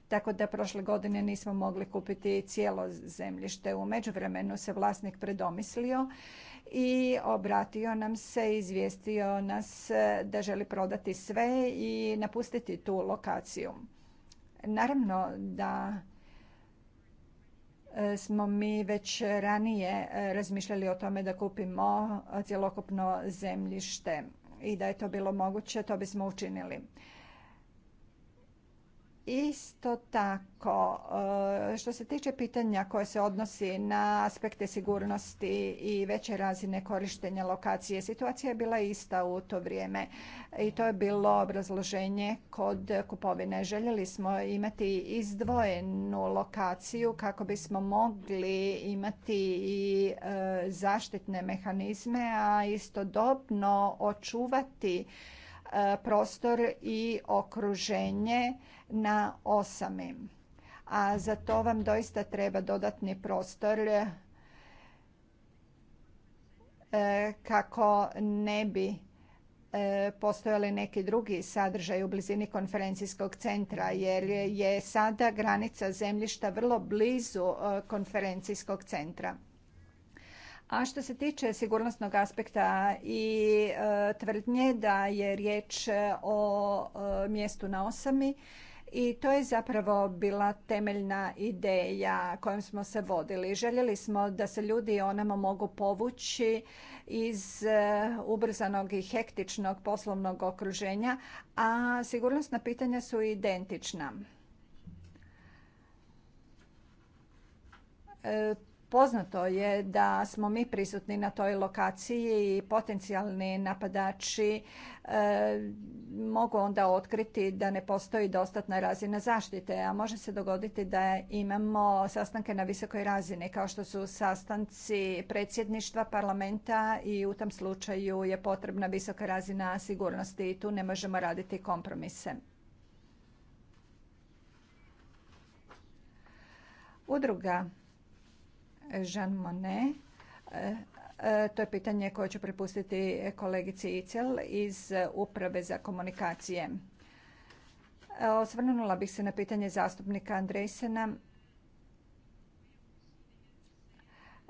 tako da prošle godine nismo mogli kupiti cijelo zemljište. U međuvremenu se vlasnik predomislio i obratio nam se, izvijestio nas e, da želi prodati sve i napustiti tu lokaciju. Naravno da e, smo mi već ranije e, razmišljali o tome da kupimo cjelokupno zemljište i da je to bilo moguće, to bismo učinili. Isto tako, e, što se tiče pitanja koje se odnosi na aspekte sigurnosti i veće razine korištenja lokacije, situacija je bila ista u to vrijeme i to je bilo obrazloženje kod kupovine. Željeli smo imati izdvojenu lokaciju kako bismo mogli imati i e, zaštitne mehanizme, a istodobno očuvati E, prostor i okruženje na osami. A za to vam doista treba dodatni prostor e, kako ne bi e, postojali neki drugi sadržaj u blizini konferencijskog centra jer je sada granica zemljišta vrlo blizu konferencijskog centra. A što se tiče sigurnosnog aspekta i e, tvrdnje da je riječ e, o e, mjestu na osami, i to je zapravo bila temeljna ideja kojom smo se vodili. Željeli smo da se ljudi onamo mogu povući iz ubrzanog i hektičnog poslovnog okruženja, a sigurnosna pitanja su identična. Poznato je da smo mi prisutni na toj lokaciji i potencijalni napadači e, mogu onda otkriti da ne postoji dostatna razina zaštite, a može se dogoditi da imamo sastanke na visokoj razini, kao što su sastanci predsjedništva parlamenta i u tom slučaju je potrebna visoka razina sigurnosti i tu ne možemo raditi kompromise. Udruga Jean Monnet. E, e, to je pitanje koje ću prepustiti kolegici Icel iz Uprave za komunikacije. E, osvrnula bih se na pitanje zastupnika Andresena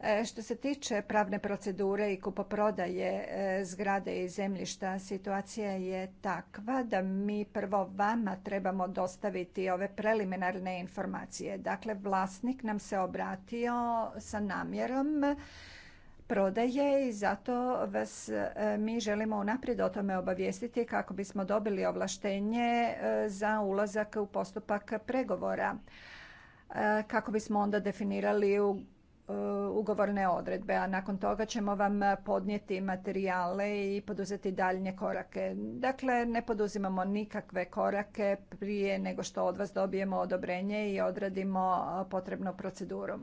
E, što se tiče pravne procedure i kupoprodaje e, zgrade i zemljišta, situacija je takva da mi prvo vama trebamo dostaviti ove preliminarne informacije. Dakle, vlasnik nam se obratio sa namjerom prodaje i zato vas e, mi želimo unaprijed o tome obavijestiti kako bismo dobili ovlaštenje za ulazak u postupak pregovora kako bismo onda definirali u E, ugovorne odredbe, a nakon toga ćemo vam podnijeti materijale i poduzeti daljnje korake. Dakle, ne poduzimamo nikakve korake prije nego što od vas dobijemo odobrenje i odradimo e, potrebnu proceduru.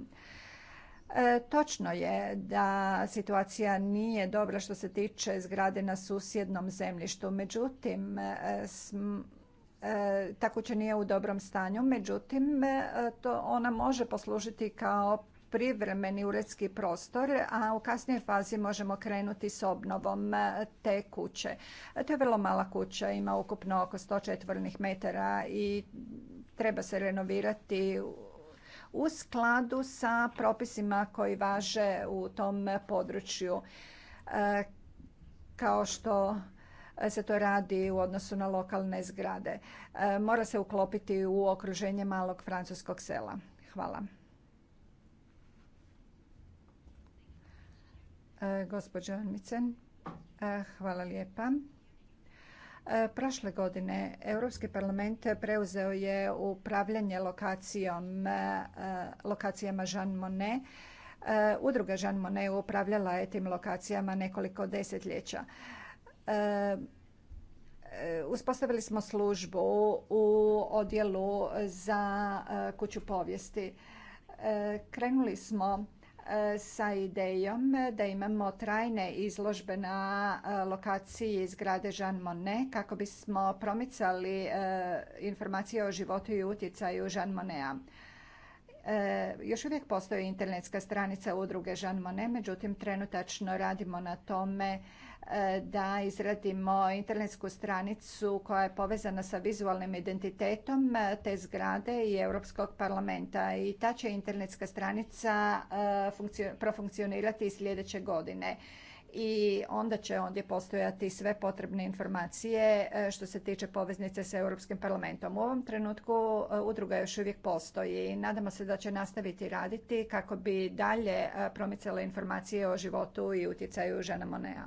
E, točno je da situacija nije dobra što se tiče zgrade na susjednom zemljištu. Međutim, kuća nije u dobrom stanju. Međutim, to ona može poslužiti kao privremeni uredski prostor, a u kasnijoj fazi možemo krenuti s obnovom e, te kuće. E, to je vrlo mala kuća, ima ukupno oko 100 četvornih metara i treba se renovirati u skladu sa propisima koji važe u tom području e, kao što se to radi u odnosu na lokalne zgrade. Mora se uklopiti u okruženje malog francuskog sela. Hvala. E, gospođo Micen, e, hvala lijepa. E, prošle godine Europski parlament preuzeo je upravljanje lokacijom, lokacijama Jean Monnet. Udruga Jean Monnet upravljala je tim lokacijama nekoliko desetljeća. Uspostavili smo službu u odjelu za kuću povijesti. Krenuli smo sa idejom da imamo trajne izložbe na e, lokaciji zgrade Jean Monnet kako bismo promicali e, informacije o životu i utjecaju Jean Monneta. E, još uvijek postoji internetska stranica udruge Jean Monnet, međutim trenutačno radimo na tome E, da izradimo internetsku stranicu koja je povezana sa vizualnim identitetom e, te zgrade i Europskog parlamenta. I ta će internetska stranica e, profunkcionirati sljedeće godine i onda će ondje postojati sve potrebne informacije što se tiče poveznice sa Europskim parlamentom. U ovom trenutku udruga još uvijek postoji i nadamo se da će nastaviti raditi kako bi dalje promicala informacije o životu i utjecaju žena Monea.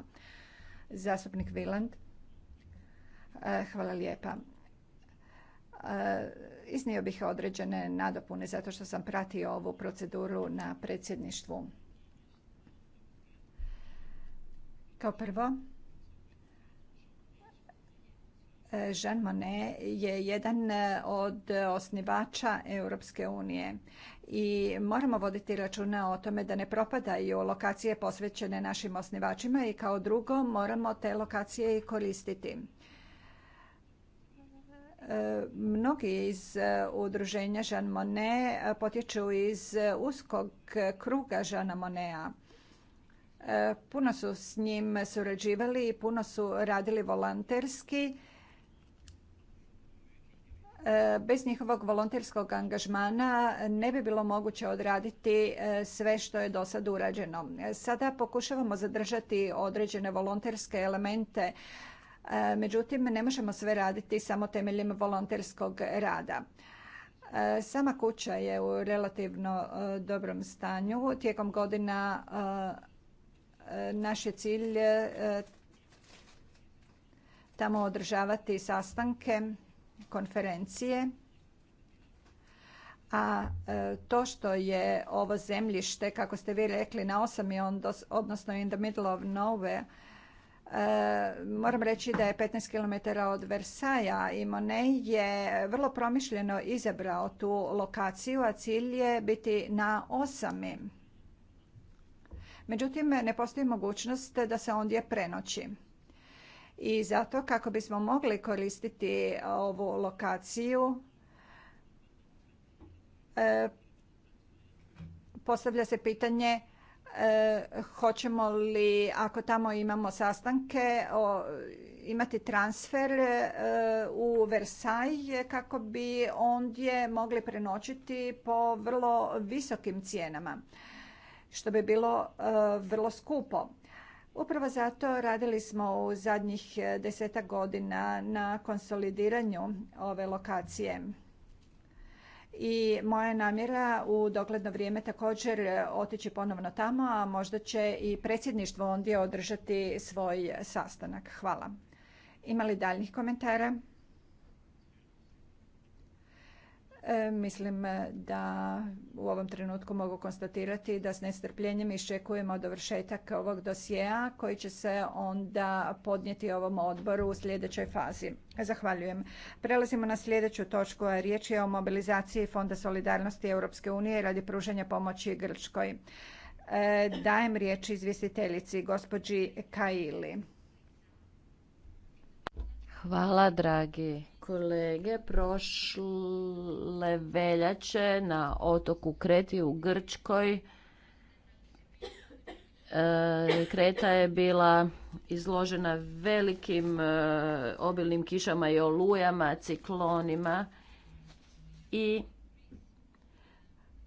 Zastupnik Viland. E, hvala lijepa. E, iznio bih određene nadopune zato što sam pratio ovu proceduru na predsjedništvu. Kao prvo, Jean Monnet je jedan e, od osnivača Europske unije i moramo voditi računa o tome da ne propadaju lokacije posvećene našim osnivačima i kao drugo moramo te lokacije i koristiti. E, mnogi iz e, udruženja Jean Monnet potječu iz uskog kruga Jeana Monneta. Puno su s njim surađivali i puno su radili volanterski E, bez njihovog volonterskog angažmana ne bi bilo moguće odraditi e, sve što je do sad urađeno. E, sada pokušavamo zadržati određene volonterske elemente, međutim ne možemo sve raditi samo temeljem volonterskog rada. Sama kuća je u relativno dobrom stanju. Tijekom godina naš je cilj tamo održavati sastanke konferencije a e, to što je ovo zemljište, kako ste vi rekli, na osami, odnosno in the middle of nowhere, e, moram reći da je 15 km od Versaja i Monet je vrlo promišljeno izabrao tu lokaciju, a cilj je biti na osami. Međutim, ne postoji mogućnost da se ondje prenoći i zato kako bismo mogli koristiti ovu lokaciju e, postavlja se pitanje e, hoćemo li ako tamo imamo sastanke imati transfer e, u Versailles kako bi ondje mogli prenoćiti po vrlo visokim cijenama što bi bilo vrlo skupo. Upravo zato radili smo u zadnjih e, desetak godina na konsolidiranju ove lokacije. I moja namjera u dogledno vrijeme također e, otići ponovno tamo, a možda će i predsjedništvo ondje održati svoj sastanak. Hvala. Ima li daljnjih komentara? E, mislim e, da u ovom trenutku mogu konstatirati da s nestrpljenjem iščekujemo dovršetak ovog dosjea koji će se onda podnijeti ovom odboru u sljedećoj fazi. Zahvaljujem. Prelazimo na sljedeću točku. riječ je o mobilizaciji Fonda solidarnosti Europske unije radi pružanja pomoći Grčkoj. E, dajem riječ izvjestiteljici, gospođi Kaili. Hvala, dragi kolege, prošle veljače na otoku Kreti u Grčkoj e, Kreta je bila izložena velikim e, obilnim kišama i olujama, ciklonima i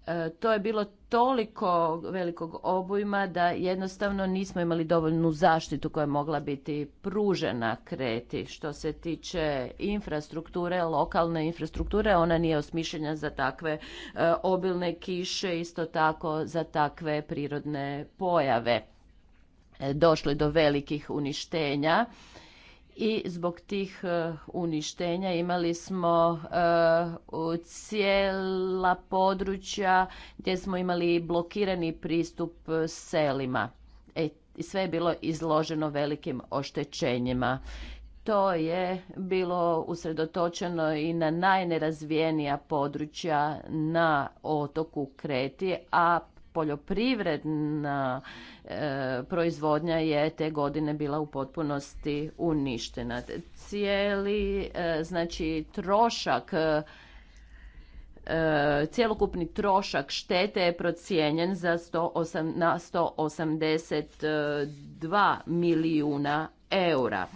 E, to je bilo toliko velikog obujma da jednostavno nismo imali dovoljnu zaštitu koja je mogla biti pružena kreti. Što se tiče infrastrukture, lokalne infrastrukture, ona nije osmišljena za takve e, obilne kiše, isto tako za takve prirodne pojave. E, došlo je do velikih uništenja i zbog tih eh, uništenja imali smo eh, cijela područja gdje smo imali blokirani pristup eh, selima. E, sve je bilo izloženo velikim oštećenjima. To je bilo usredotočeno i na najnerazvijenija područja na otoku Kreti, a poljoprivredna e, proizvodnja je te godine bila u potpunosti uništena. Cijeli e, znači trošak e, cjelokupni trošak štete je procijenjen za na 182 milijuna eura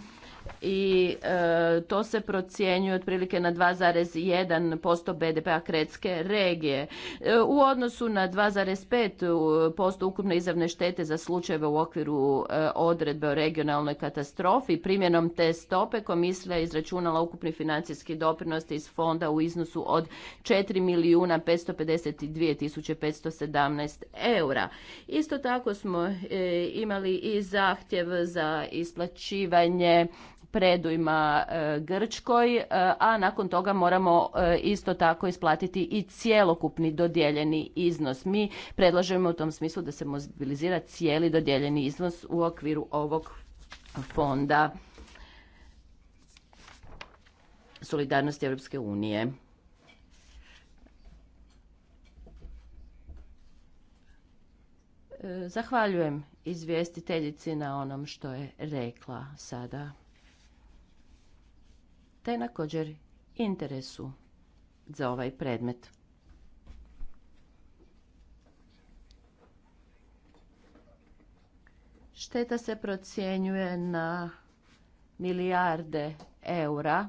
i e, to se procjenjuje otprilike na 2,1% BDP-a kretske regije. E, u odnosu na 2,5% ukupne izravne štete za slučajeve u okviru e, odredbe o regionalnoj katastrofi, primjenom te stope komisija je izračunala ukupni financijski doprinos iz fonda u iznosu od 4 milijuna 552.517 eura. Isto tako smo imali i zahtjev za isplaćivanje predujma e, Grčkoj, e, a nakon toga moramo e, isto tako isplatiti i cjelokupni dodijeljeni iznos. Mi predlažemo u tom smislu da se mobilizira cijeli dodijeljeni iznos u okviru ovog fonda solidarnosti Europske unije. Zahvaljujem izvjestiteljici na onom što je rekla sada te također interesu za ovaj predmet. Šteta se procjenjuje na milijarde eura.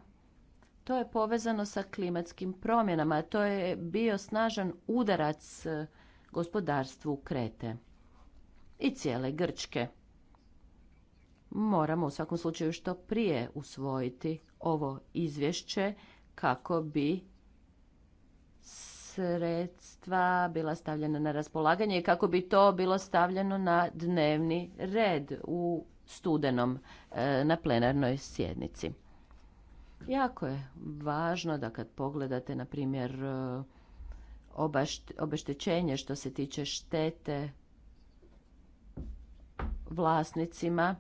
To je povezano sa klimatskim promjenama. To je bio snažan udarac e, gospodarstvu Krete i cijele Grčke. Moramo u svakom slučaju što prije usvojiti ovo izvješće kako bi sredstva bila stavljena na raspolaganje i kako bi to bilo stavljeno na dnevni red u studenom e, na plenarnoj sjednici. Jako je važno da kad pogledate, na primjer, e, obeštećenje što se tiče štete vlasnicima,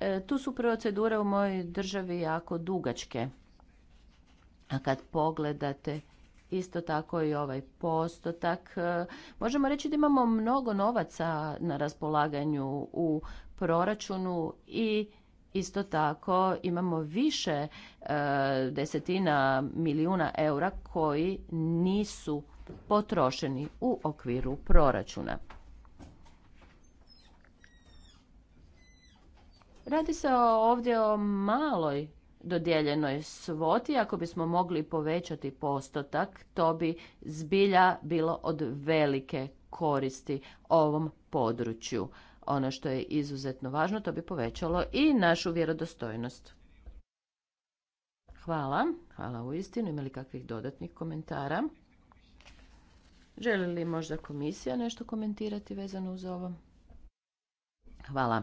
E, tu su procedure u mojoj državi jako dugačke. A kad pogledate isto tako i ovaj postotak, e, možemo reći da imamo mnogo novaca na raspolaganju u proračunu i isto tako imamo više e, desetina milijuna eura koji nisu potrošeni u okviru proračuna. Radi se ovdje o maloj dodijeljenoj svoti. Ako bismo mogli povećati postotak, to bi zbilja bilo od velike koristi ovom području. Ono što je izuzetno važno, to bi povećalo i našu vjerodostojnost. Hvala. Hvala u istinu. Imali kakvih dodatnih komentara? Želi li možda komisija nešto komentirati vezano uz ovo? Hvala.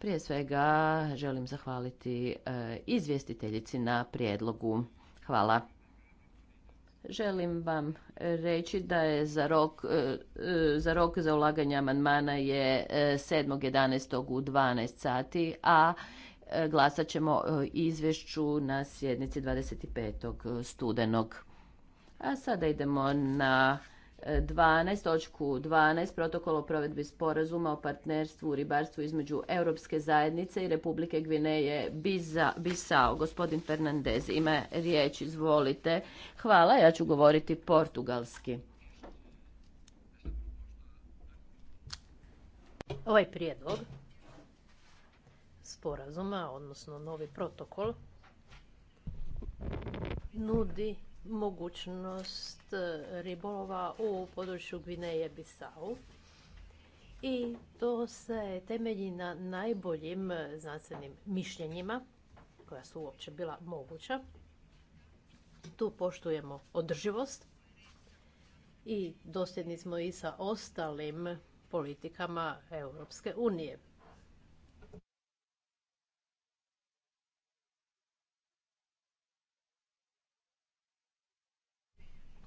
Prije svega želim zahvaliti e, izvjestiteljici na prijedlogu. Hvala. Želim vam reći da je za rok e, e, za, rok za ulaganje amandmana je 7.11. u 12 sati, a glasat ćemo izvješću na sjednici 25. studenog. A sada idemo na 12, točku 12, protokol o provedbi sporazuma o partnerstvu u ribarstvu između Europske zajednice i Republike Gvineje Bisao. Gospodin Fernandez ima riječ, izvolite. Hvala, ja ću govoriti portugalski. Ovaj prijedlog sporazuma, odnosno novi protokol, nudi mogućnost e, ribolova u području Gvineje Bisau. I to se temelji na najboljim e, znanstvenim mišljenjima koja su uopće bila moguća. Tu poštujemo održivost i dosljedni smo i sa ostalim politikama Europske unije.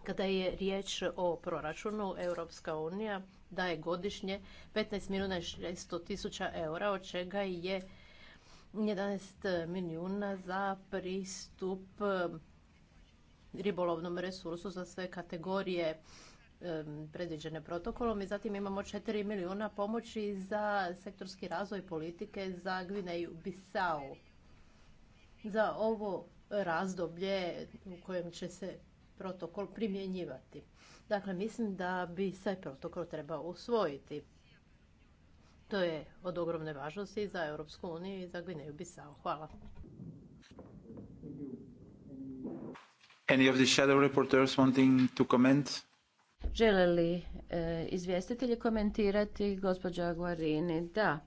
Kada je riječ o proračunu, Europska unija daje godišnje 15 milijuna i 600 tisuća eura, od čega je 11 milijuna za pristup ribolovnom resursu za sve kategorije predviđene protokolom i zatim imamo 4 milijuna pomoći za sektorski razvoj politike za Gvineju Bisao. Za ovo razdoblje u kojem će se protokol primjenjivati. Dakle, mislim da bi se protokol trebao usvojiti. To je od ogromne važnosti za Europsku uniju i za Gvineju Bisao. Hvala. Žele li e, izvjestitelji komentirati gospođa Guarini? Da.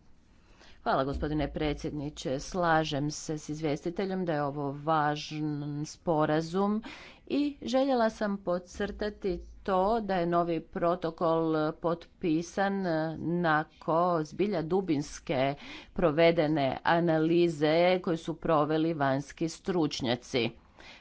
Hvala gospodine predsjedniče. Slažem se s izvjestiteljem da je ovo važan sporazum i željela sam podcrtati to da je novi protokol potpisan e, nakon zbilja dubinske provedene analize koje su proveli vanjski stručnjaci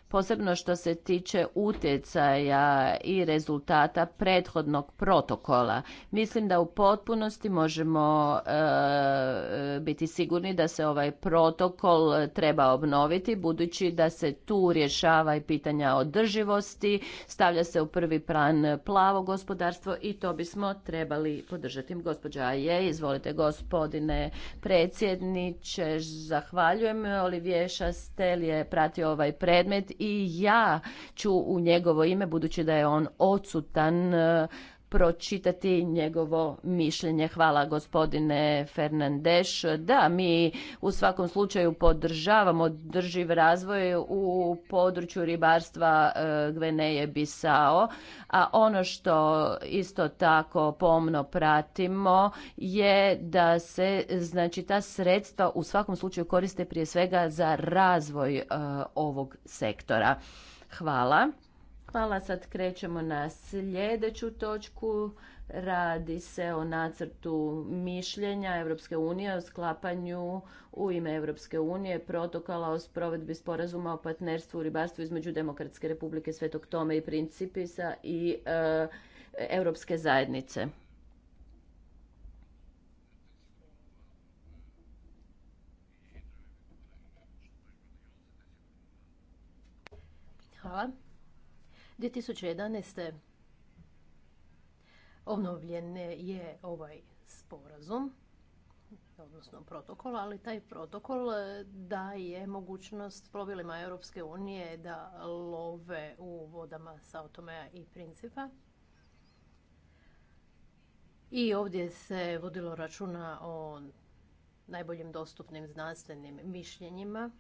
posebno što se tiče utjecaja i rezultata prethodnog protokola. Mislim da u potpunosti možemo e, biti sigurni da se ovaj protokol treba obnoviti budući da se tu rješava i pitanja održivosti, stavlja se u prvi plan plavo gospodarstvo i to bismo trebali podržati. Gospođa je, izvolite gospodine predsjedniče, zahvaljujem. Olivije Šastel je pratio ovaj predmet i ja ću u njegovo ime, budući da je on odsutan, pročitati njegovo mišljenje. Hvala gospodine Fernandeš. Da, mi u svakom slučaju podržavamo održiv razvoj u području ribarstva e, Gveneje Bisao, a ono što isto tako pomno pratimo je da se znači ta sredstva u svakom slučaju koriste prije svega za razvoj e, ovog sektora. Hvala. Hvala, sad krećemo na sljedeću točku. Radi se o nacrtu mišljenja Europske unije o sklapanju u ime Europske unije protokola o sprovedbi sporazuma o partnerstvu u ribarstvu između Demokratske republike Svetog Tome i Principisa i Europske zajednice. Hvala. 2011. obnovljen je ovaj sporazum, odnosno protokol, ali taj protokol e, daje mogućnost plovilima Europske unije da love u vodama Sao Tomea i Principa. I ovdje se vodilo računa o najboljim dostupnim znanstvenim mišljenjima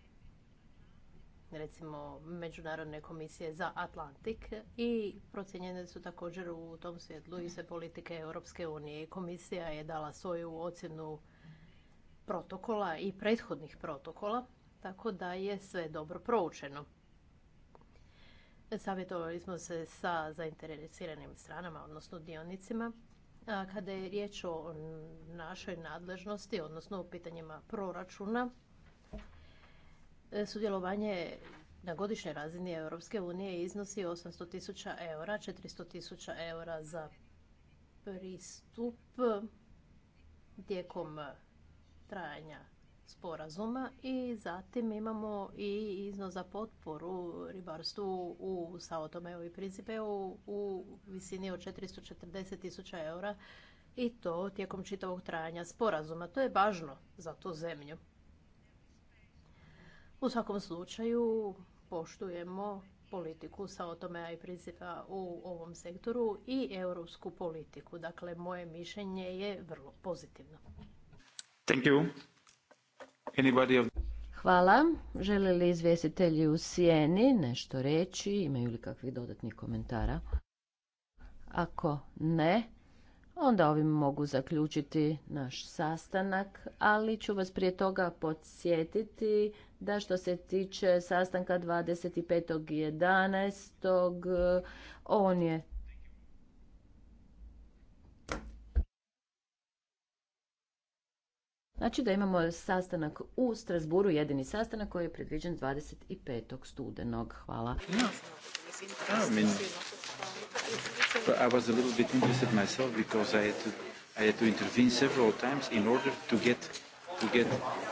recimo Međunarodne komisije za Atlantik i procjenjene su također u tom svjetlu i sve politike Europske unije. Komisija je dala svoju ocjenu protokola i prethodnih protokola, tako da je sve dobro proučeno. Savjetovali smo se sa zainteresiranim stranama, odnosno dionicima. kada je riječ o našoj nadležnosti, odnosno o pitanjima proračuna, E, sudjelovanje na godišnjoj razini Europske unije iznosi 800 tisuća eura, 400 tisuća eura za pristup tijekom trajanja sporazuma i zatim imamo i iznos za potporu ribarstvu u Sao i Principeu u visini od 440 tisuća eura i to tijekom čitavog trajanja sporazuma. To je važno za tu zemlju. U svakom slučaju poštujemo politiku sa o tome i principa u ovom sektoru i europsku politiku. Dakle, moje mišljenje je vrlo pozitivno. Thank you. Anybody... Hvala. Žele li izvjestitelji u Sijeni nešto reći? Imaju li kakvih dodatnih komentara? Ako ne, onda ovim mogu zaključiti naš sastanak, ali ću vas prije toga podsjetiti da što se tiče sastanka 25.11. on je Znači da imamo sastanak u Strasburu, jedini sastanak koji je predviđen 25. studenog. Hvala. But I was I had to